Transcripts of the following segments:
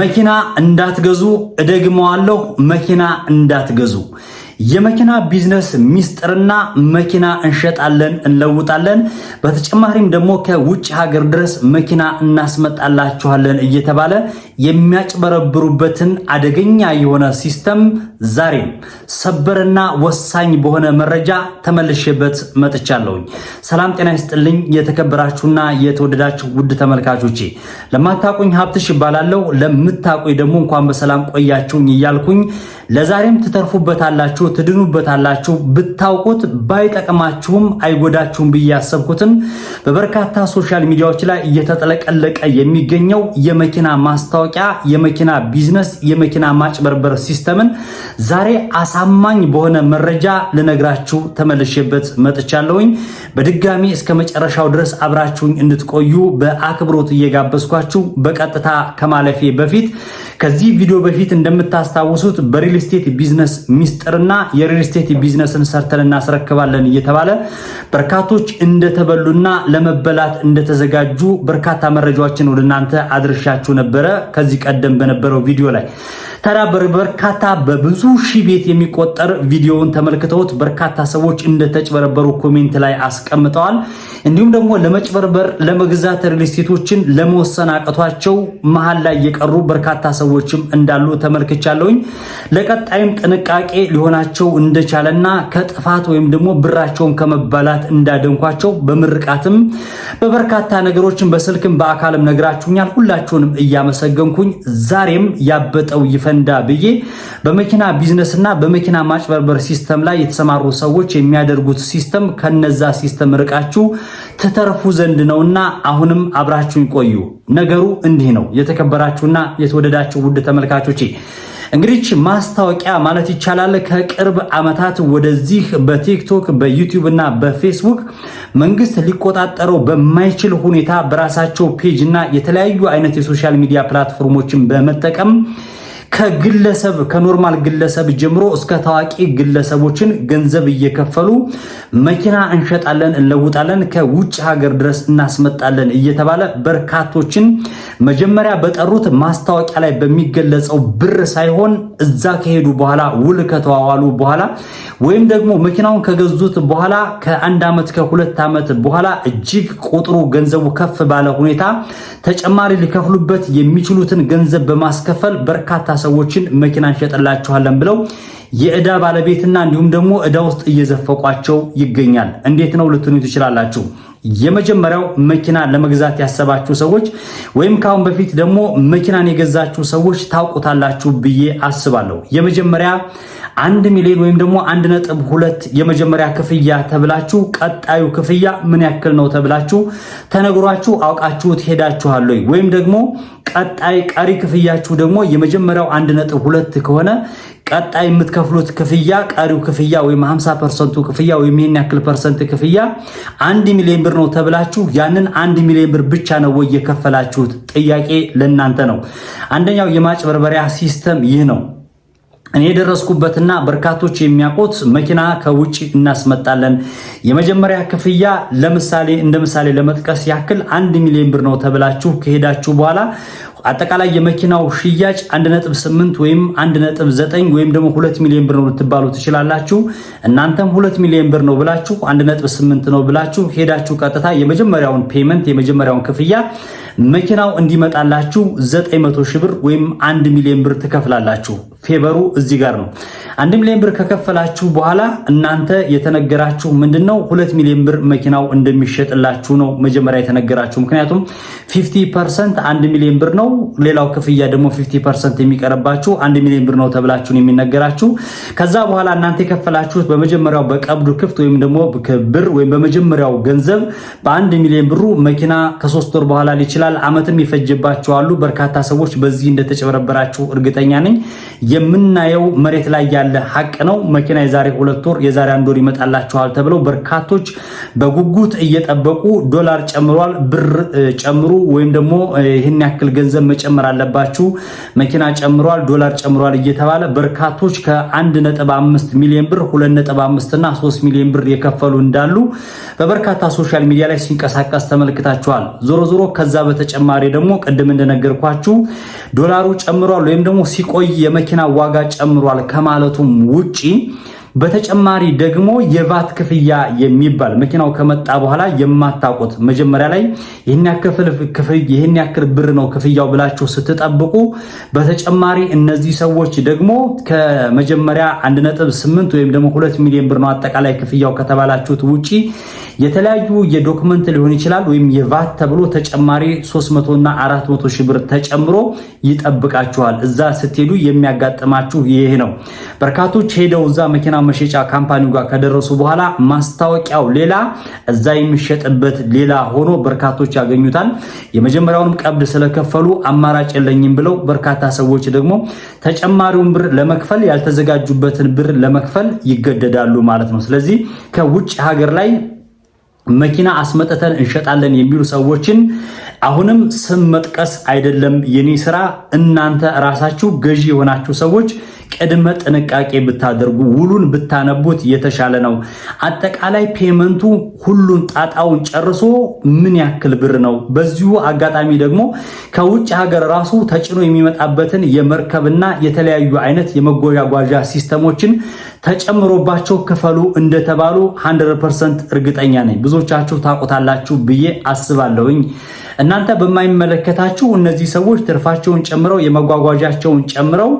መኪና እንዳትገዙ እደግመዋለሁ፣ መኪና እንዳትገዙ። የመኪና ቢዝነስ ሚስጥርና መኪና እንሸጣለን እንለውጣለን፣ በተጨማሪም ደግሞ ከውጭ ሀገር ድረስ መኪና እናስመጣላችኋለን እየተባለ የሚያጭበረብሩበትን አደገኛ የሆነ ሲስተም ዛሬም ሰበርና ወሳኝ በሆነ መረጃ ተመልሼበት መጥቻለሁኝ። ሰላም ጤና ይስጥልኝ። የተከበራችሁና የተወደዳችሁ ውድ ተመልካቾቼ ለማታቁኝ ሀብትሽ ይባላለሁ። ለምታቁኝ ደግሞ እንኳን በሰላም ቆያችሁኝ እያልኩኝ ለዛሬም ትተርፉበታላችሁ ከፍታችሁ ትድኑበታላችሁ። ብታውቁት ባይጠቅማችሁም አይጎዳችሁም ብዬ ያሰብኩትን በበርካታ ሶሻል ሚዲያዎች ላይ እየተጠለቀለቀ የሚገኘው የመኪና ማስታወቂያ፣ የመኪና ቢዝነስ፣ የመኪና ማጭበርበር ሲስተምን ዛሬ አሳማኝ በሆነ መረጃ ልነግራችሁ ተመልሼበት መጥቻለሁኝ። በድጋሚ እስከ መጨረሻው ድረስ አብራችሁኝ እንድትቆዩ በአክብሮት እየጋበዝኳችሁ በቀጥታ ከማለፌ በፊት ከዚህ ቪዲዮ በፊት እንደምታስታውሱት በሪል ስቴት ቢዝነስ ሚስጥርና የሪል ስቴት ቢዝነስን ሰርተን እናስረክባለን እየተባለ በርካቶች እንደተበሉና ለመበላት እንደተዘጋጁ በርካታ መረጃዎችን ወደ እናንተ አድርሻችሁ ነበረ ከዚህ ቀደም በነበረው ቪዲዮ ላይ ታዲያ በርካታ በብዙ ሺህ ቤት የሚቆጠር ቪዲዮውን ተመልክተውት በርካታ ሰዎች እንደተጭበረበሩ ኮሜንት ላይ አስቀምጠዋል። እንዲሁም ደግሞ ለመጭበርበር ለመግዛት ሪልስቴቶችን ለመወሰን አቅቷቸው መሀል ላይ የቀሩ በርካታ ሰዎችም እንዳሉ ተመልክቻለሁኝ። ለቀጣይም ጥንቃቄ ሊሆናቸው እንደቻለና ከጥፋት ወይም ደግሞ ብራቸውን ከመባላት እንዳደንኳቸው በምርቃትም በበርካታ ነገሮችን በስልክም በአካልም ነግራችሁኛል። ሁላችሁንም እያመሰገንኩኝ ዛሬም ያበጠው ይፈ ፈንዳ ብዬ በመኪና ቢዝነስና በመኪና ማጭበርበር ሲስተም ላይ የተሰማሩ ሰዎች የሚያደርጉት ሲስተም ከነዛ ሲስተም ርቃችሁ ተተርፉ ዘንድ ነውና አሁንም አብራችሁን ቆዩ። ነገሩ እንዲህ ነው። የተከበራችሁና የተወደዳችሁ ውድ ተመልካቾቼ እንግዲህ ማስታወቂያ ማለት ይቻላል ከቅርብ ዓመታት ወደዚህ በቲክቶክ በዩቲዩብ እና በፌስቡክ መንግስት ሊቆጣጠረው በማይችል ሁኔታ በራሳቸው ፔጅ እና የተለያዩ አይነት የሶሻል ሚዲያ ፕላትፎርሞችን በመጠቀም ከግለሰብ ከኖርማል ግለሰብ ጀምሮ እስከ ታዋቂ ግለሰቦችን ገንዘብ እየከፈሉ መኪና እንሸጣለን፣ እንለውጣለን፣ ከውጭ ሀገር ድረስ እናስመጣለን እየተባለ በርካቶችን መጀመሪያ በጠሩት ማስታወቂያ ላይ በሚገለጸው ብር ሳይሆን እዛ ከሄዱ በኋላ ውል ከተዋዋሉ በኋላ ወይም ደግሞ መኪናውን ከገዙት በኋላ ከአንድ ዓመት ከሁለት ዓመት በኋላ እጅግ ቁጥሩ ገንዘቡ ከፍ ባለ ሁኔታ ተጨማሪ ሊከፍሉበት የሚችሉትን ገንዘብ በማስከፈል በርካታ ሰዎችን መኪና እንሸጥላችኋለን ብለው የእዳ ባለቤትና እንዲሁም ደግሞ እዳ ውስጥ እየዘፈቋቸው ይገኛል። እንዴት ነው ልትኑ ትችላላችሁ? የመጀመሪያው መኪና ለመግዛት ያሰባችሁ ሰዎች ወይም ከአሁን በፊት ደግሞ መኪናን የገዛችሁ ሰዎች ታውቁታላችሁ ብዬ አስባለሁ። የመጀመሪያ አንድ ሚሊዮን ወይም ደግሞ አንድ ነጥብ ሁለት የመጀመሪያ ክፍያ ተብላችሁ ቀጣዩ ክፍያ ምን ያክል ነው ተብላችሁ ተነግሯችሁ አውቃችሁት ሄዳችኋል ወይም ደግሞ ቀጣይ ቀሪ ክፍያችሁ ደግሞ የመጀመሪያው አንድ ነጥብ ሁለት ከሆነ ቀጣይ የምትከፍሉት ክፍያ ቀሪው ክፍያ ወይም 50 ፐርሰንቱ ክፍያ ወይም ይህን ያክል ፐርሰንት ክፍያ አንድ ሚሊዮን ብር ነው ተብላችሁ ያንን አንድ ሚሊዮን ብር ብቻ ነው ወይ የከፈላችሁት? ጥያቄ ለእናንተ ነው። አንደኛው የማጭበርበሪያ ሲስተም ይህ ነው። እኔ የደረስኩበትና በርካቶች የሚያውቁት መኪና ከውጭ እናስመጣለን የመጀመሪያ ክፍያ ለምሳሌ እንደ ምሳሌ ለመጥቀስ ያክል አንድ ሚሊዮን ብር ነው ተብላችሁ ከሄዳችሁ በኋላ አጠቃላይ የመኪናው ሽያጭ 1.8 ወይም 1.9 ወይም ደግሞ 2 ሚሊዮን ብር ነው ልትባሉ ትችላላችሁ። እናንተም 2 ሚሊዮን ብር ነው ብላችሁ 1.8 ነው ብላችሁ ሄዳችሁ ቀጥታ የመጀመሪያውን ፔመንት የመጀመሪያውን ክፍያ መኪናው እንዲመጣላችሁ 900 ሺህ ብር ወይም 1 ሚሊዮን ብር ትከፍላላችሁ። ፌቨሩ እዚህ ጋር ነው። 1 ሚሊዮን ብር ከከፈላችሁ በኋላ እናንተ የተነገራችሁ ምንድን ነው? 2 ሚሊዮን ብር መኪናው እንደሚሸጥላችሁ ነው መጀመሪያ የተነገራችሁ። ምክንያቱም 50 1 ሚሊዮን ብር ነው፣ ሌላው ክፍያ ደግሞ 50 የሚቀርባችሁ 1 ሚሊዮን ብር ነው ተብላችሁን የሚነገራችሁ። ከዛ በኋላ እናንተ የከፈላችሁት በመጀመሪያው በቀብዱ ክፍት ወይም ደግሞ ብር ወይም በመጀመሪያው ገንዘብ በ1 ሚሊዮን ብሩ መኪና ከሶስት ወር በኋላ ሊችላል ይችላል፣ አመትም ይፈጅባቸዋሉ። በርካታ ሰዎች በዚህ እንደተጨበረበራችሁ እርግጠኛ ነኝ። የምናየው መሬት ላይ ያለ ሀቅ ነው። መኪና የዛሬ ሁለት ወር የዛሬ አንድ ወር ይመጣላችኋል ተብለው በርካቶች በጉጉት እየጠበቁ ዶላር ጨምሯል፣ ብር ጨምሩ ወይም ደግሞ ይህን ያክል ገንዘብ መጨመር አለባችሁ፣ መኪና ጨምሯል፣ ዶላር ጨምሯል እየተባለ በርካቶች ከ1.5 ሚሊዮን ብር 2.5 እና 3 ሚሊዮን ብር የከፈሉ እንዳሉ በበርካታ ሶሻል ሚዲያ ላይ ሲንቀሳቀስ ተመልክታችኋል። ዞሮ ዞሮ ከዛ በተጨማሪ ደግሞ ቅድም እንደነገርኳችሁ ዶላሩ ጨምሯል ወይም ደግሞ ሲቆይ የመኪና ዋጋ ጨምሯል ከማለቱም ውጪ በተጨማሪ ደግሞ የቫት ክፍያ የሚባል መኪናው ከመጣ በኋላ የማታውቁት መጀመሪያ ላይ ይህን ያክል ብር ነው ክፍያው ብላችሁ ስትጠብቁ፣ በተጨማሪ እነዚህ ሰዎች ደግሞ ከመጀመሪያ 1.8 ወይም ደግሞ 2 ሚሊዮን ብር ነው አጠቃላይ ክፍያው ከተባላችሁት ውጪ የተለያዩ የዶክመንት ሊሆን ይችላል ወይም የቫት ተብሎ ተጨማሪ 300 እና 400 ሺህ ብር ተጨምሮ ይጠብቃችኋል። እዛ ስትሄዱ የሚያጋጥማችሁ ይሄ ነው። በርካቶች ሄደው እዛ መኪና መሸጫ ካምፓኒው ጋር ከደረሱ በኋላ ማስታወቂያው ሌላ እዛ የሚሸጥበት ሌላ ሆኖ በርካቶች ያገኙታል። የመጀመሪያውንም ቀብድ ስለከፈሉ አማራጭ የለኝም ብለው በርካታ ሰዎች ደግሞ ተጨማሪውን ብር ለመክፈል ያልተዘጋጁበትን ብር ለመክፈል ይገደዳሉ ማለት ነው። ስለዚህ ከውጭ ሀገር ላይ መኪና አስመጥተን እንሸጣለን የሚሉ ሰዎችን አሁንም ስም መጥቀስ አይደለም የኔ ስራ። እናንተ ራሳችሁ ገዢ የሆናችሁ ሰዎች ቅድመ ጥንቃቄ ብታደርጉ ውሉን ብታነቡት የተሻለ ነው። አጠቃላይ ፔመንቱ ሁሉን ጣጣውን ጨርሶ ምን ያክል ብር ነው? በዚሁ አጋጣሚ ደግሞ ከውጭ ሀገር ራሱ ተጭኖ የሚመጣበትን የመርከብና የተለያዩ አይነት የመጓጓዣ ሲስተሞችን ተጨምሮባቸው ክፈሉ እንደተባሉ 100% እርግጠኛ ነኝ። ብዙዎቻችሁ ታውቁታላችሁ ብዬ አስባለሁኝ። እናንተ በማይመለከታችሁ እነዚህ ሰዎች ትርፋቸውን ጨምረው የመጓጓዣቸውን ጨምረው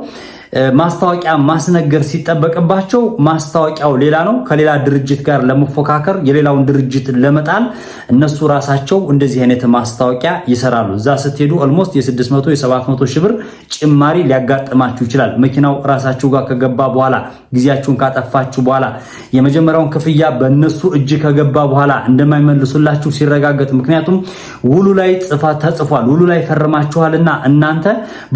ማስታወቂያ ማስነገር ሲጠበቅባቸው ማስታወቂያው ሌላ ነው። ከሌላ ድርጅት ጋር ለመፎካከር የሌላውን ድርጅት ለመጣል እነሱ ራሳቸው እንደዚህ አይነት ማስታወቂያ ይሰራሉ። እዛ ስትሄዱ ኦልሞስት የ600 የ700 ሺህ ብር ጭማሪ ሊያጋጥማችሁ ይችላል። መኪናው ራሳችሁ ጋር ከገባ በኋላ ጊዜያችሁን ካጠፋችሁ በኋላ የመጀመሪያውን ክፍያ በእነሱ እጅ ከገባ በኋላ እንደማይመልሱላችሁ ሲረጋገጥ፣ ምክንያቱም ውሉ ላይ ጽፋ ተጽፏል፣ ውሉ ላይ ፈርማችኋልና እናንተ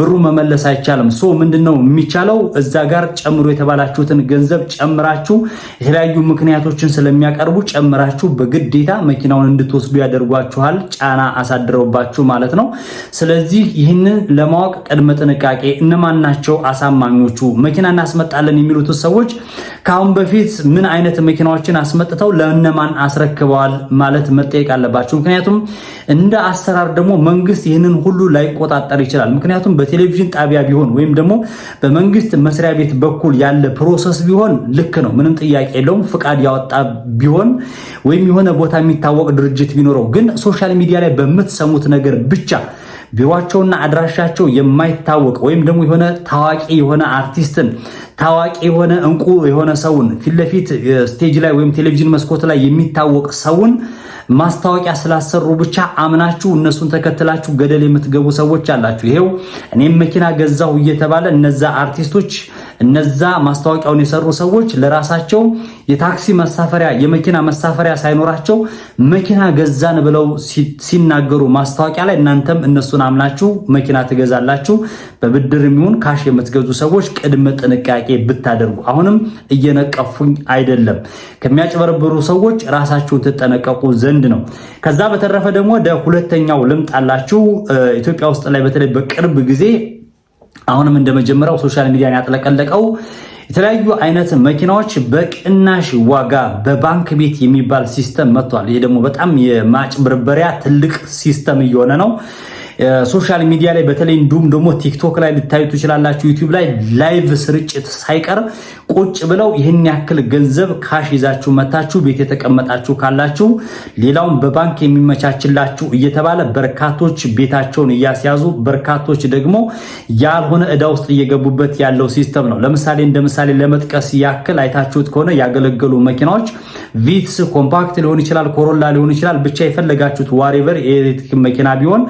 ብሩ መመለስ አይቻልም። ሶ ምንድነው የሚቻለው? እዛ ጋር ጨምሮ የተባላችሁትን ገንዘብ ጨምራችሁ የተለያዩ ምክንያቶችን ስለሚያቀርቡ ጨምራችሁ በግዴታ መኪናውን እንድትወስዱ ያደርጓችኋል። ጫና አሳድረውባችሁ ማለት ነው። ስለዚህ ይህንን ለማወቅ ቅድመ ጥንቃቄ እነማን ናቸው አሳማኞቹ መኪና እናስመጣለን የሚሉት ሰዎች ከአሁን በፊት ምን አይነት መኪናዎችን አስመጥተው ለእነማን አስረክበዋል ማለት መጠየቅ አለባቸው። ምክንያቱም እንደ አሰራር ደግሞ መንግስት ይህንን ሁሉ ላይቆጣጠር ይችላል። ምክንያቱም በቴሌቪዥን ጣቢያ ቢሆን ወይም ደግሞ በመንግስት መስሪያ ቤት በኩል ያለ ፕሮሰስ ቢሆን ልክ ነው፣ ምንም ጥያቄ የለውም። ፍቃድ ያወጣ ቢሆን ወይም የሆነ ቦታ የሚታወቅ ድርጅት ቢኖረው ግን ሶሻል ሚዲያ ላይ በምትሰሙት ነገር ብቻ ቢሯቸውና አድራሻቸው የማይታወቅ ወይም ደግሞ የሆነ ታዋቂ የሆነ አርቲስትን ታዋቂ የሆነ እንቁ የሆነ ሰውን ፊትለፊት ስቴጅ ላይ ወይም ቴሌቪዥን መስኮት ላይ የሚታወቅ ሰውን ማስታወቂያ ስላሰሩ ብቻ አምናችሁ እነሱን ተከትላችሁ ገደል የምትገቡ ሰዎች አላችሁ። ይሄው እኔም መኪና ገዛሁ እየተባለ እነዛ አርቲስቶች እነዛ ማስታወቂያውን የሰሩ ሰዎች ለራሳቸው የታክሲ መሳፈሪያ፣ የመኪና መሳፈሪያ ሳይኖራቸው መኪና ገዛን ብለው ሲናገሩ ማስታወቂያ ላይ እናንተም እነሱን አምናችሁ መኪና ትገዛላችሁ። በብድር የሚሆን ካሽ የምትገዙ ሰዎች ቅድመ ጥንቃቄ ብታደርጉ። አሁንም እየነቀፉኝ አይደለም፣ ከሚያጭበረብሩ ሰዎች ራሳችሁን ትጠነቀቁ ዘንድ ነው። ከዛ በተረፈ ደግሞ ወደ ሁለተኛው ልምጣላችሁ። ኢትዮጵያ ውስጥ ላይ በተለይ በቅርብ ጊዜ አሁንም እንደመጀመሪያው ሶሻል ሚዲያን ያጥለቀለቀው የተለያዩ አይነት መኪናዎች በቅናሽ ዋጋ በባንክ ቤት የሚባል ሲስተም መጥቷል። ይሄ ደግሞ በጣም የማጭበርበሪያ ትልቅ ሲስተም እየሆነ ነው። ሶሻል ሚዲያ ላይ በተለይ እንዲሁም ደግሞ ቲክቶክ ላይ ልታዩ ትችላላችሁ። ዩቲዩብ ላይ ላይቭ ስርጭት ሳይቀር ቁጭ ብለው ይህን ያክል ገንዘብ ካሽ ይዛችሁ መታችሁ ቤት የተቀመጣችሁ ካላችሁ ሌላውን በባንክ የሚመቻችላችሁ እየተባለ በርካቶች ቤታቸውን እያስያዙ በርካቶች ደግሞ ያልሆነ እዳ ውስጥ እየገቡበት ያለው ሲስተም ነው። ለምሳሌ እንደ ምሳሌ ለመጥቀስ ያክል አይታችሁት ከሆነ ያገለገሉ መኪናዎች ቪትስ፣ ኮምፓክት ሊሆን ይችላል፣ ኮሮላ ሊሆን ይችላል፣ ብቻ የፈለጋችሁት ዋሪቨር የኤሌክትሪክ መኪና ቢሆን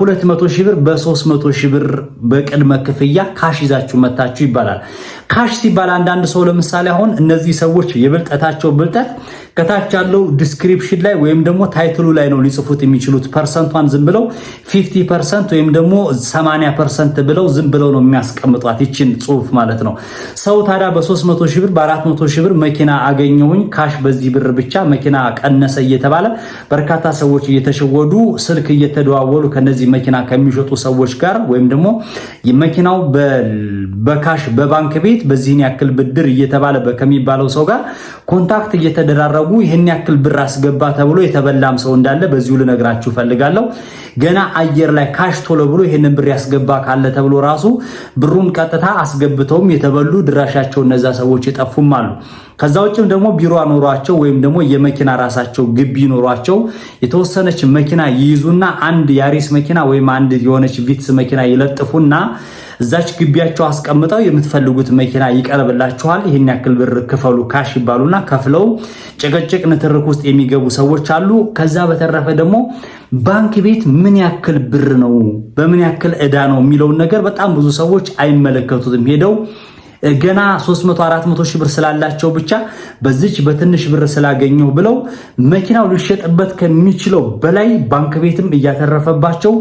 በ200 ሺህ ብር በ300 ሺህ ብር በቅድመ ክፍያ ካሽ ይዛችሁ መታችሁ ይባላል። ካሽ ሲባል አንዳንድ ሰው ለምሳሌ አሁን እነዚህ ሰዎች የብልጠታቸው ብልጠት ከታች ያለው ዲስክሪፕሽን ላይ ወይም ደግሞ ታይትሉ ላይ ነው ሊጽፉት የሚችሉት። ፐርሰንቷን ዝም ብለው 50 ፐርሰንት ወይም ደግሞ 80 ፐርሰንት ብለው ዝም ብለው ነው የሚያስቀምጧት ይችን ጽሁፍ ማለት ነው። ሰው ታዲያ በ300 ሺህ ብር በ400 ሺህ ብር መኪና አገኘሁኝ ካሽ በዚህ ብር ብቻ መኪና ቀነሰ እየተባለ በርካታ ሰዎች እየተሸወዱ ስልክ እየተደዋወሉ ከነ እንደዚህ መኪና ከሚሸጡ ሰዎች ጋር ወይም ደግሞ መኪናው በካሽ በባንክ ቤት በዚህን ያክል ብድር እየተባለ ከሚባለው ሰው ጋር ኮንታክት እየተደራረጉ ይህን ያክል ብር አስገባ ተብሎ የተበላም ሰው እንዳለ በዚሁ ልነግራችሁ ፈልጋለሁ። ገና አየር ላይ ካሽ ቶሎ ብሎ ይህንን ብር ያስገባ ካለ ተብሎ ራሱ ብሩን ቀጥታ አስገብተውም የተበሉ ድራሻቸው እነዛ ሰዎች የጠፉም አሉ። ከዛ ውጭም ደግሞ ቢሮ ኖሯቸው ወይም ደግሞ የመኪና ራሳቸው ግቢ ኖሯቸው የተወሰነች መኪና ይይዙና አንድ ያሪስ መኪና ወይም አንድ የሆነች ቪትስ መኪና ይለጥፉና እዛች ግቢያቸው አስቀምጠው የምትፈልጉት መኪና ይቀርብላችኋል፣ ይህን ያክል ብር ክፈሉ ካሽ ይባሉና ከፍለው ጭቅጭቅ፣ ንትርክ ውስጥ የሚገቡ ሰዎች አሉ። ከዛ በተረፈ ደግሞ ባንክ ቤት ምን ያክል ብር ነው፣ በምን ያክል እዳ ነው የሚለውን ነገር በጣም ብዙ ሰዎች አይመለከቱትም ሄደው ገና 300 400 ሺህ ብር ስላላቸው ብቻ በዚች በትንሽ ብር ስላገኘው ብለው መኪናው ሊሸጥበት ከሚችለው በላይ ባንክ ቤትም እያተረፈባቸው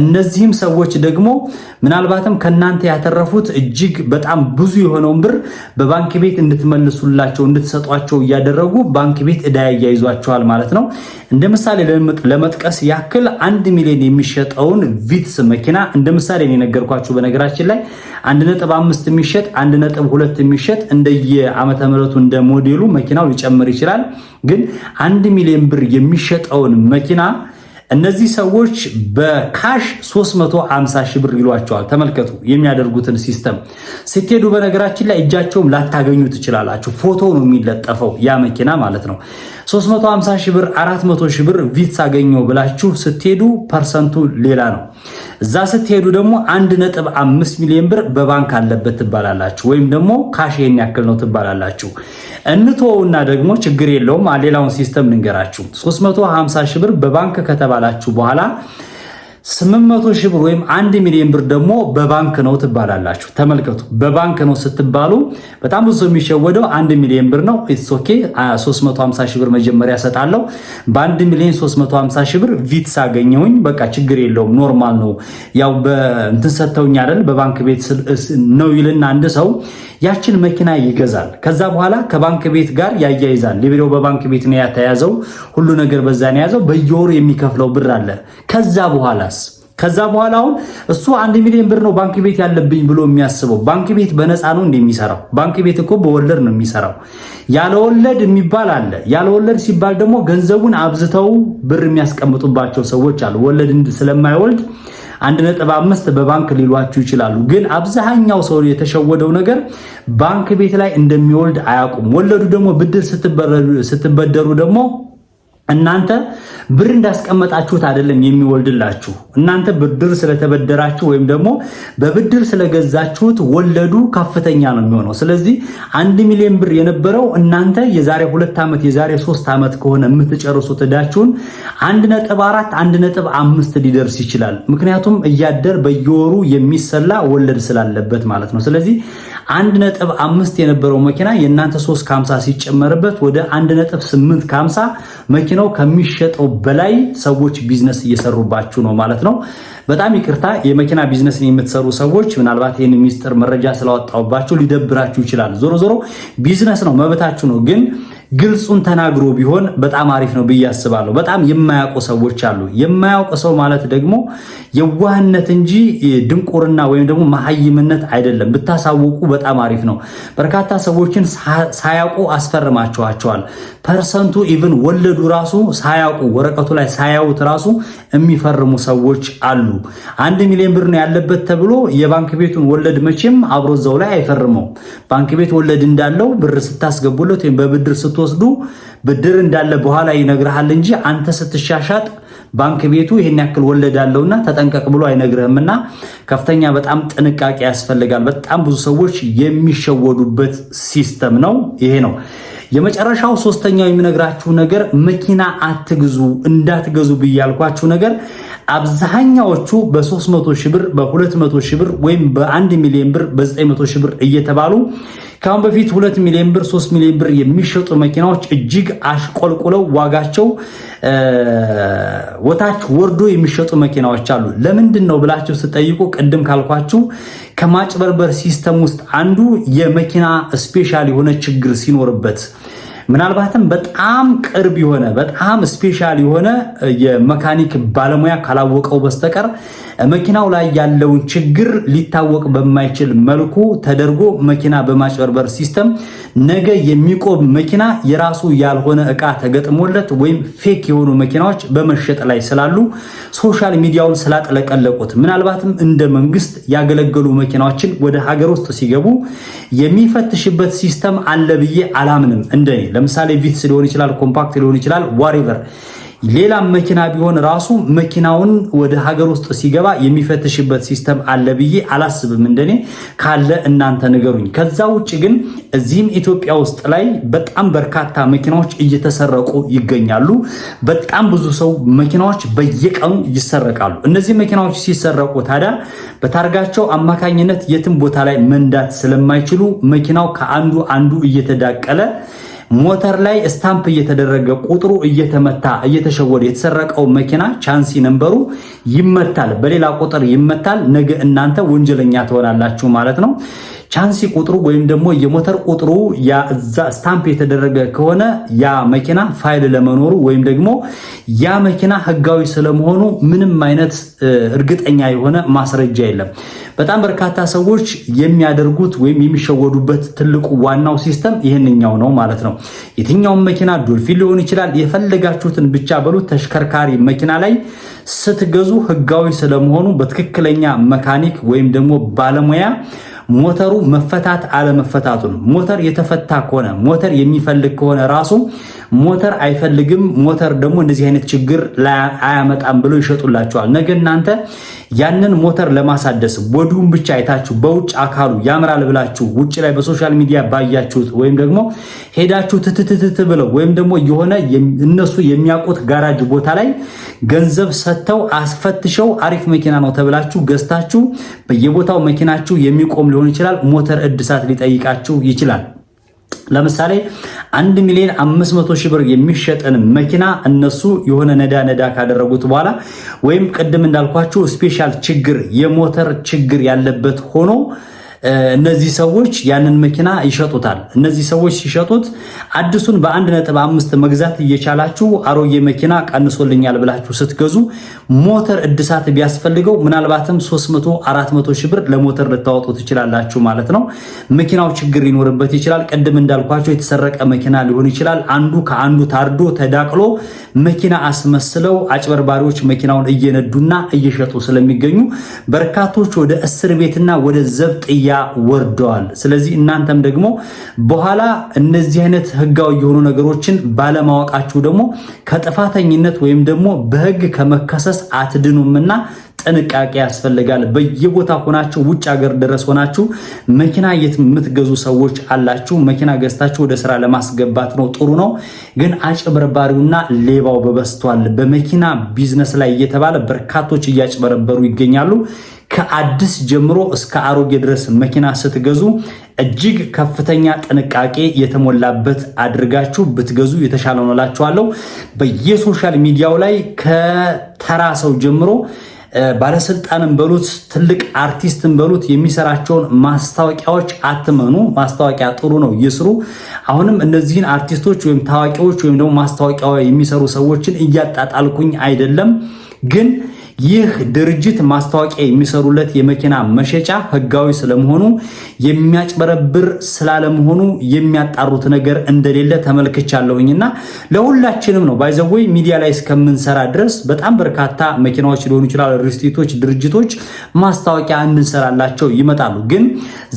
እነዚህም ሰዎች ደግሞ ምናልባትም ከእናንተ ያተረፉት እጅግ በጣም ብዙ የሆነውን ብር በባንክ ቤት እንድትመልሱላቸው እንድትሰጧቸው እያደረጉ ባንክ ቤት እዳ ያያይዟቸዋል ማለት ነው። እንደ ምሳሌ ለመጥቀስ ያክል አንድ ሚሊዮን የሚሸጠውን ቪትስ መኪና እንደ ምሳሌ ነው የነገርኳችሁ። በነገራችን ላይ 1.5 የሚሸጥ ነጥብ ሁለት የሚሸጥ እንደየ ዓመተ ምሕረቱ እንደ ሞዴሉ መኪናው ሊጨምር ይችላል። ግን አንድ ሚሊዮን ብር የሚሸጠውን መኪና እነዚህ ሰዎች በካሽ 350 ሺህ ብር ይሏቸዋል። ተመልከቱ የሚያደርጉትን ሲስተም። ስትሄዱ በነገራችን ላይ እጃቸውም ላታገኙ ትችላላችሁ። ፎቶ ነው የሚለጠፈው ያ መኪና ማለት ነው። 350 ሺህ ብር፣ 400 ሺህ ብር ቪትስ አገኘው ብላችሁ ስትሄዱ ፐርሰንቱ ሌላ ነው። እዛ ስትሄዱ ደግሞ 1.5 ሚሊዮን ብር በባንክ አለበት ትባላላችሁ፣ ወይም ደግሞ ካሽ ይሄን ያክል ነው ትባላላችሁ። እንተውና ደግሞ ችግር የለውም ሌላውን ሲስተም ልንገራችሁ። 350 ሺህ ብር በባንክ ከተባላችሁ በኋላ 800 ሺህ ብር ወይም 1 ሚሊዮን ብር ደግሞ በባንክ ነው ትባላላችሁ። ተመልከቱ፣ በባንክ ነው ስትባሉ በጣም ብዙ የሚሸወደው 1 ሚሊዮን ብር ነው። ኢትስ ኦኬ 350 ሺህ ብር መጀመሪያ ሰጣለሁ። በ1 ሚሊዮን 350 ሺህ ብር ቪትስ አገኘሁኝ። በቃ ችግር የለውም ኖርማል ነው። ያው በእንትን ሰጥተውኝ አይደል በባንክ ቤት ነው ይልና አንድ ሰው ያችን መኪና ይገዛል። ከዛ በኋላ ከባንክ ቤት ጋር ያያይዛል። ሊቢሮ በባንክ ቤት ነው ያተያዘው፣ ሁሉ ነገር በዛ ነው ያዘው። በየወሩ የሚከፍለው ብር አለ። ከዛ በኋላስ ከዛ በኋላ አሁን እሱ አንድ ሚሊዮን ብር ነው ባንክ ቤት ያለብኝ ብሎ የሚያስበው። ባንክ ቤት በነፃ ነው እንደሚሰራው። ባንክ ቤት እኮ በወለድ ነው የሚሰራው። ያለወለድ የሚባል አለ። ያለወለድ ሲባል ደግሞ ገንዘቡን አብዝተው ብር የሚያስቀምጡባቸው ሰዎች አሉ፣ ወለድ ስለማይወልድ አንድ ነጥብ አምስት በባንክ ሊሏችሁ ይችላሉ። ግን አብዛኛው ሰው የተሸወደው ነገር ባንክ ቤት ላይ እንደሚወልድ አያውቁም። ወለዱ ደግሞ ብድር ስትበደሩ ደግሞ እናንተ ብር እንዳስቀመጣችሁት አይደለም የሚወልድላችሁ። እናንተ ብድር ስለተበደራችሁ ወይም ደግሞ በብድር ስለገዛችሁት ወለዱ ከፍተኛ ነው የሚሆነው። ስለዚህ አንድ ሚሊዮን ብር የነበረው እናንተ የዛሬ ሁለት ዓመት የዛሬ ሶስት ዓመት ከሆነ የምትጨርሱት ዕዳችሁን አንድ ነጥብ አራት አንድ ነጥብ አምስት ሊደርስ ይችላል። ምክንያቱም እያደር በየወሩ የሚሰላ ወለድ ስላለበት ማለት ነው። ስለዚህ አንድ ነጥብ አምስት የነበረው መኪና የእናንተ ሶስት ከሀምሳ ሲጨመርበት ወደ አንድ ነጥብ ስምንት ከሀምሳ መኪናው ከሚሸጠው በላይ ሰዎች ቢዝነስ እየሰሩባችሁ ነው ማለት ነው። በጣም ይቅርታ የመኪና ቢዝነስን የምትሰሩ ሰዎች ምናልባት ይህን ሚስጥር መረጃ ስላወጣሁባችሁ ሊደብራችሁ ይችላል። ዞሮ ዞሮ ቢዝነስ ነው፣ መብታችሁ ነው ግን ግልጹን ተናግሮ ቢሆን በጣም አሪፍ ነው ብዬ አስባለሁ። በጣም የማያውቁ ሰዎች አሉ። የማያውቅ ሰው ማለት ደግሞ የዋህነት እንጂ ድንቁርና ወይም ደግሞ መሀይምነት አይደለም። ብታሳውቁ በጣም አሪፍ ነው። በርካታ ሰዎችን ሳያውቁ አስፈርማችኋቸዋል። ፐርሰንቱ ኢቭን ወለዱ ራሱ ሳያውቁ ወረቀቱ ላይ ሳያዩት ራሱ የሚፈርሙ ሰዎች አሉ። አንድ ሚሊዮን ብር ነው ያለበት ተብሎ የባንክ ቤቱን ወለድ መቼም አብሮ እዛው ላይ አይፈርመው። ባንክ ቤት ወለድ እንዳለው ብር ስታስገቡለት ወይም በብድር ስት ስትወስዱ ብድር እንዳለ በኋላ ይነግርሃል እንጂ አንተ ስትሻሻጥ ባንክ ቤቱ ይህን ያክል ወለድ አለውና ተጠንቀቅ ብሎ አይነግርህም። እና ከፍተኛ በጣም ጥንቃቄ ያስፈልጋል። በጣም ብዙ ሰዎች የሚሸወዱበት ሲስተም ነው ይሄ ነው። የመጨረሻው ሶስተኛው የሚነግራችሁ ነገር መኪና አትግዙ እንዳትገዙ ብያልኳችሁ ነገር አብዛኛዎቹ በ300 ሺህ ብር፣ በ200 ሺህ ብር ወይም በ1 ሚሊዮን ብር፣ በ900 ሺህ ብር እየተባሉ ከአሁን በፊት ሁለት ሚሊዮን ብር፣ ሶስት ሚሊዮን ብር የሚሸጡ መኪናዎች እጅግ አሽቆልቁለው ዋጋቸው ወታች ወርዶ የሚሸጡ መኪናዎች አሉ። ለምንድን ነው ብላችሁ ስጠይቁ ቅድም ካልኳችሁ ከማጭበርበር ሲስተም ውስጥ አንዱ የመኪና ስፔሻል የሆነ ችግር ሲኖርበት ምናልባትም በጣም ቅርብ የሆነ በጣም ስፔሻል የሆነ የመካኒክ ባለሙያ ካላወቀው በስተቀር መኪናው ላይ ያለውን ችግር ሊታወቅ በማይችል መልኩ ተደርጎ መኪና በማጭበርበር ሲስተም ነገ የሚቆም መኪና የራሱ ያልሆነ እቃ ተገጥሞለት ወይም ፌክ የሆኑ መኪናዎች በመሸጥ ላይ ስላሉ ሶሻል ሚዲያውን ስላጥለቀለቁት ምናልባትም እንደ መንግስት ያገለገሉ መኪናዎችን ወደ ሀገር ውስጥ ሲገቡ የሚፈትሽበት ሲስተም አለ ብዬ አላምንም። እንደኔ ለምሳሌ ቪትስ ሊሆን ይችላል፣ ኮምፓክት ሊሆን ይችላል፣ ዋሪቨር ሌላም መኪና ቢሆን ራሱ መኪናውን ወደ ሀገር ውስጥ ሲገባ የሚፈትሽበት ሲስተም አለ ብዬ አላስብም። እንደኔ ካለ እናንተ ንገሩኝ። ከዛ ውጭ ግን እዚህም ኢትዮጵያ ውስጥ ላይ በጣም በርካታ መኪናዎች እየተሰረቁ ይገኛሉ። በጣም ብዙ ሰው መኪናዎች በየቀኑ ይሰረቃሉ። እነዚህ መኪናዎች ሲሰረቁ ታዲያ በታርጋቸው አማካኝነት የትም ቦታ ላይ መንዳት ስለማይችሉ መኪናው ከአንዱ አንዱ እየተዳቀለ ሞተር ላይ ስታምፕ እየተደረገ ቁጥሩ እየተመታ እየተሸወደ የተሰረቀው መኪና ቻንሲ ነንበሩ ይመታል፣ በሌላ ቁጥር ይመታል። ነገ እናንተ ወንጀለኛ ትሆናላችሁ ማለት ነው። ቻንሲ ቁጥሩ ወይም ደግሞ የሞተር ቁጥሩ ስታምፕ የተደረገ ከሆነ ያ መኪና ፋይል ለመኖሩ ወይም ደግሞ ያ መኪና ህጋዊ ስለመሆኑ ምንም አይነት እርግጠኛ የሆነ ማስረጃ የለም። በጣም በርካታ ሰዎች የሚያደርጉት ወይም የሚሸወዱበት ትልቁ ዋናው ሲስተም ይህንኛው ነው ማለት ነው። የትኛውን መኪና ዶልፊን ሊሆን ይችላል፣ የፈለጋችሁትን ብቻ በሉት። ተሽከርካሪ መኪና ላይ ስትገዙ ህጋዊ ስለመሆኑ በትክክለኛ መካኒክ ወይም ደግሞ ባለሙያ ሞተሩ መፈታት አለመፈታቱን ሞተር የተፈታ ከሆነ ሞተር የሚፈልግ ከሆነ ራሱ ሞተር አይፈልግም፣ ሞተር ደግሞ እንደዚህ አይነት ችግር አያመጣም ብሎ ይሸጡላቸዋል። ነገ እናንተ ያንን ሞተር ለማሳደስ ወዲሁም ብቻ አይታችሁ በውጭ አካሉ ያምራል ብላችሁ ውጭ ላይ በሶሻል ሚዲያ ባያችሁት ወይም ደግሞ ሄዳችሁ ትትትትት ብለው ወይም ደግሞ የሆነ እነሱ የሚያውቁት ጋራጅ ቦታ ላይ ገንዘብ ሰጥተው አስፈትሸው አሪፍ መኪና ነው ተብላችሁ ገዝታችሁ በየቦታው መኪናችሁ የሚቆም ሊሆን ሊሆን ይችላል። ሞተር እድሳት ሊጠይቃችሁ ይችላል። ለምሳሌ አንድ ሚሊዮን አምስት መቶ ሺህ ብር የሚሸጥን መኪና እነሱ የሆነ ነዳ ነዳ ካደረጉት በኋላ ወይም ቅድም እንዳልኳችሁ ስፔሻል ችግር የሞተር ችግር ያለበት ሆኖ እነዚህ ሰዎች ያንን መኪና ይሸጡታል። እነዚህ ሰዎች ሲሸጡት አዲሱን በአንድ ነጥብ አምስት መግዛት እየቻላችሁ አሮጌ መኪና ቀንሶልኛል ብላችሁ ስትገዙ ሞተር እድሳት ቢያስፈልገው ምናልባትም 300 400 ሺህ ብር ለሞተር ልታወጡ ትችላላችሁ ማለት ነው። መኪናው ችግር ሊኖርበት ይችላል። ቅድም እንዳልኳቸው የተሰረቀ መኪና ሊሆን ይችላል። አንዱ ከአንዱ ታርዶ ተዳቅሎ መኪና አስመስለው አጭበርባሪዎች መኪናውን እየነዱና እየሸጡ ስለሚገኙ በርካቶች ወደ እስር ቤትና ወደ ዘብጥያ ያ ወርደዋል። ስለዚህ እናንተም ደግሞ በኋላ እነዚህ አይነት ህጋዊ የሆኑ ነገሮችን ባለማወቃችሁ ደግሞ ከጥፋተኝነት ወይም ደግሞ በህግ ከመከሰስ አትድኑምና ጥንቃቄ ያስፈልጋል። በየቦታ ሆናችሁ ውጭ ሀገር ድረስ ሆናችሁ መኪና የምትገዙ ሰዎች አላችሁ። መኪና ገዝታችሁ ወደ ስራ ለማስገባት ነው፣ ጥሩ ነው። ግን አጭበርባሪውና ሌባው በበዝቷል። በመኪና ቢዝነስ ላይ እየተባለ በርካቶች እያጭበረበሩ ይገኛሉ። ከአዲስ ጀምሮ እስከ አሮጌ ድረስ መኪና ስትገዙ እጅግ ከፍተኛ ጥንቃቄ የተሞላበት አድርጋችሁ ብትገዙ የተሻለ ነው እላችኋለሁ። በየሶሻል ሚዲያው ላይ ከተራ ሰው ጀምሮ ባለስልጣንን በሉት ትልቅ አርቲስትን በሉት የሚሰራቸውን ማስታወቂያዎች አትመኑ። ማስታወቂያ ጥሩ ነው፣ ይስሩ። አሁንም እነዚህን አርቲስቶች ወይም ታዋቂዎች ወይም ደግሞ ማስታወቂያ የሚሰሩ ሰዎችን እያጣጣልኩኝ አይደለም ግን ይህ ድርጅት ማስታወቂያ የሚሰሩለት የመኪና መሸጫ ህጋዊ ስለመሆኑ የሚያጭበረብር ስላለመሆኑ የሚያጣሩት ነገር እንደሌለ ተመልክቻለሁኝና ለሁላችንም ነው ባይዘወይ ሚዲያ ላይ እስከምንሰራ ድረስ በጣም በርካታ መኪናዎች ሊሆኑ ይችላል፣ ሪስቴቶች፣ ድርጅቶች ማስታወቂያ እንሰራላቸው ይመጣሉ። ግን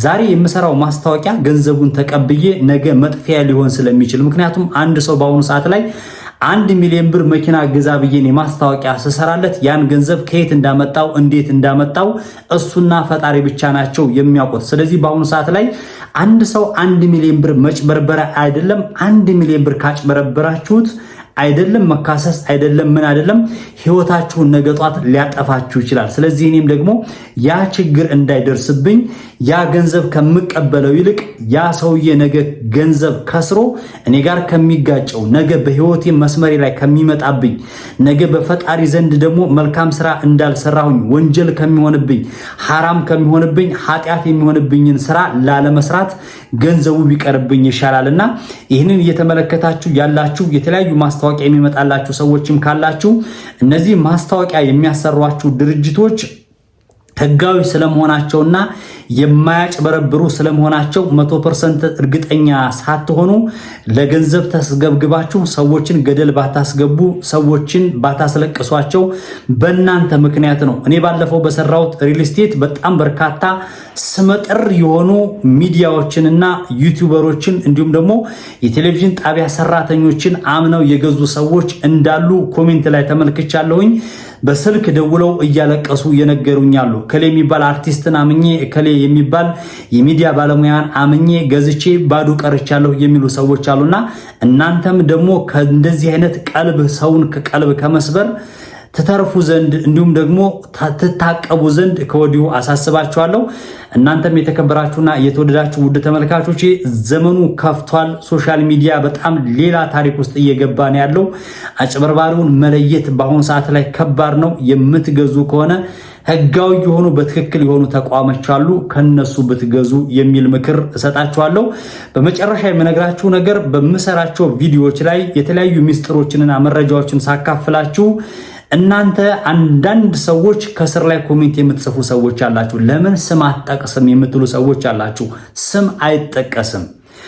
ዛሬ የምሰራው ማስታወቂያ ገንዘቡን ተቀብዬ ነገ መጥፊያ ሊሆን ስለሚችል ምክንያቱም አንድ ሰው በአሁኑ ሰዓት ላይ አንድ ሚሊዮን ብር መኪና ገዛ ብዬን የማስታወቂያ ስሰራለት ያን ገንዘብ ከየት እንዳመጣው እንዴት እንዳመጣው እሱና ፈጣሪ ብቻ ናቸው የሚያውቁት። ስለዚህ በአሁኑ ሰዓት ላይ አንድ ሰው አንድ ሚሊዮን ብር መጭበርበረ አይደለም። አንድ ሚሊዮን ብር ካጭበረበራችሁት አይደለም መካሰስ አይደለም ምን አይደለም ህይወታችሁን ነገ ጧት ሊያጠፋችሁ ይችላል። ስለዚህ እኔም ደግሞ ያ ችግር እንዳይደርስብኝ ያ ገንዘብ ከምቀበለው ይልቅ ያ ሰውዬ ነገ ገንዘብ ከስሮ እኔ ጋር ከሚጋጨው ነገ በህይወቴ መስመሬ ላይ ከሚመጣብኝ ነገ በፈጣሪ ዘንድ ደግሞ መልካም ስራ እንዳልሰራሁኝ ወንጀል ከሚሆንብኝ ሐራም ከሚሆንብኝ ኃጢአት የሚሆንብኝን ስራ ላለመስራት ገንዘቡ ቢቀርብኝ ይሻላልና ይህንን እየተመለከታችሁ ያላችሁ የተለያዩ ማስታ ማስታወቂያ የሚመጣላችሁ ሰዎችም ካላችሁ እነዚህ ማስታወቂያ የሚያሰሯችሁ ድርጅቶች ህጋዊ ስለመሆናቸውና የማያጭበረብሩ ስለመሆናቸው መቶ ፐርሰንት እርግጠኛ ሳትሆኑ ለገንዘብ ተስገብግባችሁ ሰዎችን ገደል ባታስገቡ፣ ሰዎችን ባታስለቅሷቸው በእናንተ ምክንያት ነው። እኔ ባለፈው በሰራሁት ሪል ስቴት በጣም በርካታ ስመጥር የሆኑ ሚዲያዎችንና ዩቲዩበሮችን እንዲሁም ደግሞ የቴሌቪዥን ጣቢያ ሰራተኞችን አምነው የገዙ ሰዎች እንዳሉ ኮሜንት ላይ ተመልክቻለሁኝ። በስልክ ደውለው እያለቀሱ የነገሩኛሉ አሉ። እከሌ የሚባል አርቲስትን አምኜ እከሌ የሚባል የሚዲያ ባለሙያን አምኜ ገዝቼ ባዶ ቀርቻለሁ የሚሉ ሰዎች አሉና እናንተም ደግሞ ከእንደዚህ አይነት ቀልብ ሰውን ከቀልብ ከመስበር ትተርፉ ዘንድ እንዲሁም ደግሞ ትታቀቡ ዘንድ ከወዲሁ አሳስባችኋለሁ። እናንተም የተከበራችሁና የተወደዳችሁ ውድ ተመልካቾች ዘመኑ ከፍቷል። ሶሻል ሚዲያ በጣም ሌላ ታሪክ ውስጥ እየገባ ነው ያለው። አጭበርባሪውን መለየት በአሁኑ ሰዓት ላይ ከባድ ነው። የምትገዙ ከሆነ ህጋዊ የሆኑ በትክክል የሆኑ ተቋሞች አሉ፣ ከነሱ ብትገዙ የሚል ምክር እሰጣችኋለሁ። በመጨረሻ የምነግራችሁ ነገር በምሰራቸው ቪዲዮዎች ላይ የተለያዩ ሚስጥሮችንና መረጃዎችን ሳካፍላችሁ እናንተ አንዳንድ ሰዎች ከስር ላይ ኮሜንት የምትጽፉ ሰዎች አላችሁ። ለምን ስም አትጠቅስም የምትሉ ሰዎች አላችሁ። ስም አይጠቀስም።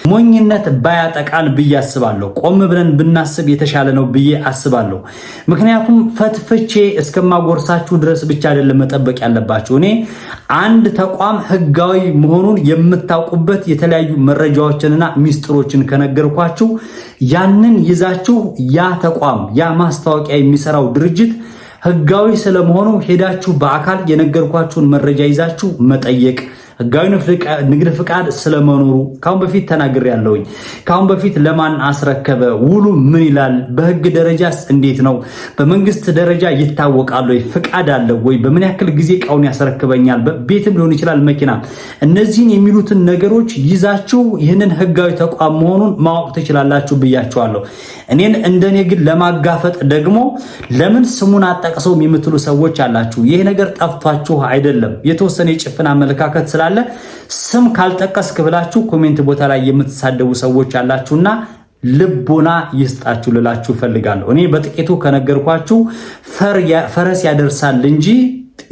ሞኝነት ባያጠቃን ብዬ አስባለሁ። ቆም ብለን ብናስብ የተሻለ ነው ብዬ አስባለሁ። ምክንያቱም ፈትፍቼ እስከማጎርሳችሁ ድረስ ብቻ አይደለም መጠበቅ ያለባችሁ። እኔ አንድ ተቋም ህጋዊ መሆኑን የምታውቁበት የተለያዩ መረጃዎችንና ሚስጥሮችን ከነገርኳችሁ ያንን ይዛችሁ ያ ተቋም ያ ማስታወቂያ የሚሰራው ድርጅት ህጋዊ ስለመሆኑ ሄዳችሁ በአካል የነገርኳችሁን መረጃ ይዛችሁ መጠየቅ ህጋዊ ንግድ ፍቃድ ስለመኖሩ ካሁን በፊት ተናግር ያለውኝ። ካሁን በፊት ለማን አስረከበ? ውሉ ምን ይላል? በህግ ደረጃስ እንዴት ነው? በመንግስት ደረጃ ይታወቃል ወይ? ፍቃድ አለ ወይ? በምን ያክል ጊዜ እቃውን ያስረክበኛል? ቤትም ሊሆን ይችላል፣ መኪና። እነዚህን የሚሉትን ነገሮች ይዛችሁ ይህንን ህጋዊ ተቋም መሆኑን ማወቅ ትችላላችሁ ብያችኋለሁ። እኔን እንደኔ ግን ለማጋፈጥ ደግሞ ለምን ስሙን አጠቅሰውም የምትሉ ሰዎች አላችሁ። ይህ ነገር ጠፍቷችሁ አይደለም። የተወሰነ የጭፍን አመለካከት ስላ ስላለ ስም ካልጠቀስክ ብላችሁ ኮሜንት ቦታ ላይ የምትሳደቡ ሰዎች አላችሁና ልቦና ይስጣችሁ ልላችሁ እፈልጋለሁ። እኔ በጥቂቱ ከነገርኳችሁ ፈረስ ያደርሳል እንጂ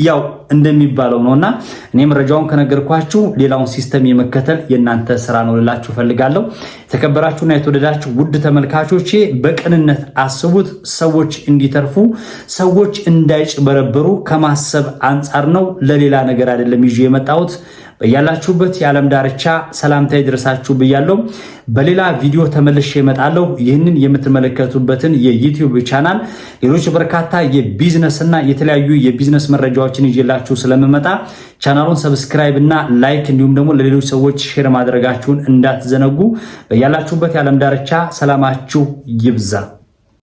ያው እንደሚባለው ነውና እኔ መረጃውን ከነገርኳችሁ ሌላውን ሲስተም የመከተል የእናንተ ስራ ነው ልላችሁ ፈልጋለሁ። የተከበራችሁና የተወደዳችሁ ውድ ተመልካቾቼ በቅንነት አስቡት። ሰዎች እንዲተርፉ፣ ሰዎች እንዳይጭበረበሩ ከማሰብ አንጻር ነው። ለሌላ ነገር አይደለም ይዤ የመጣሁት። በያላችሁበት የዓለም ዳርቻ ሰላምታ ይድረሳችሁ ብያለሁ። በሌላ ቪዲዮ ተመልሼ እመጣለሁ። ይህንን የምትመለከቱበትን የዩቲዩብ ቻናል ሌሎች በርካታ የቢዝነስ እና የተለያዩ የቢዝነስ መረጃዎችን ይዤላችሁ ስለምመጣ ቻናሉን ሰብስክራይብ እና ላይክ እንዲሁም ደግሞ ለሌሎች ሰዎች ሼር ማድረጋችሁን እንዳትዘነጉ። በያላችሁበት የዓለም ዳርቻ ሰላማችሁ ይብዛ።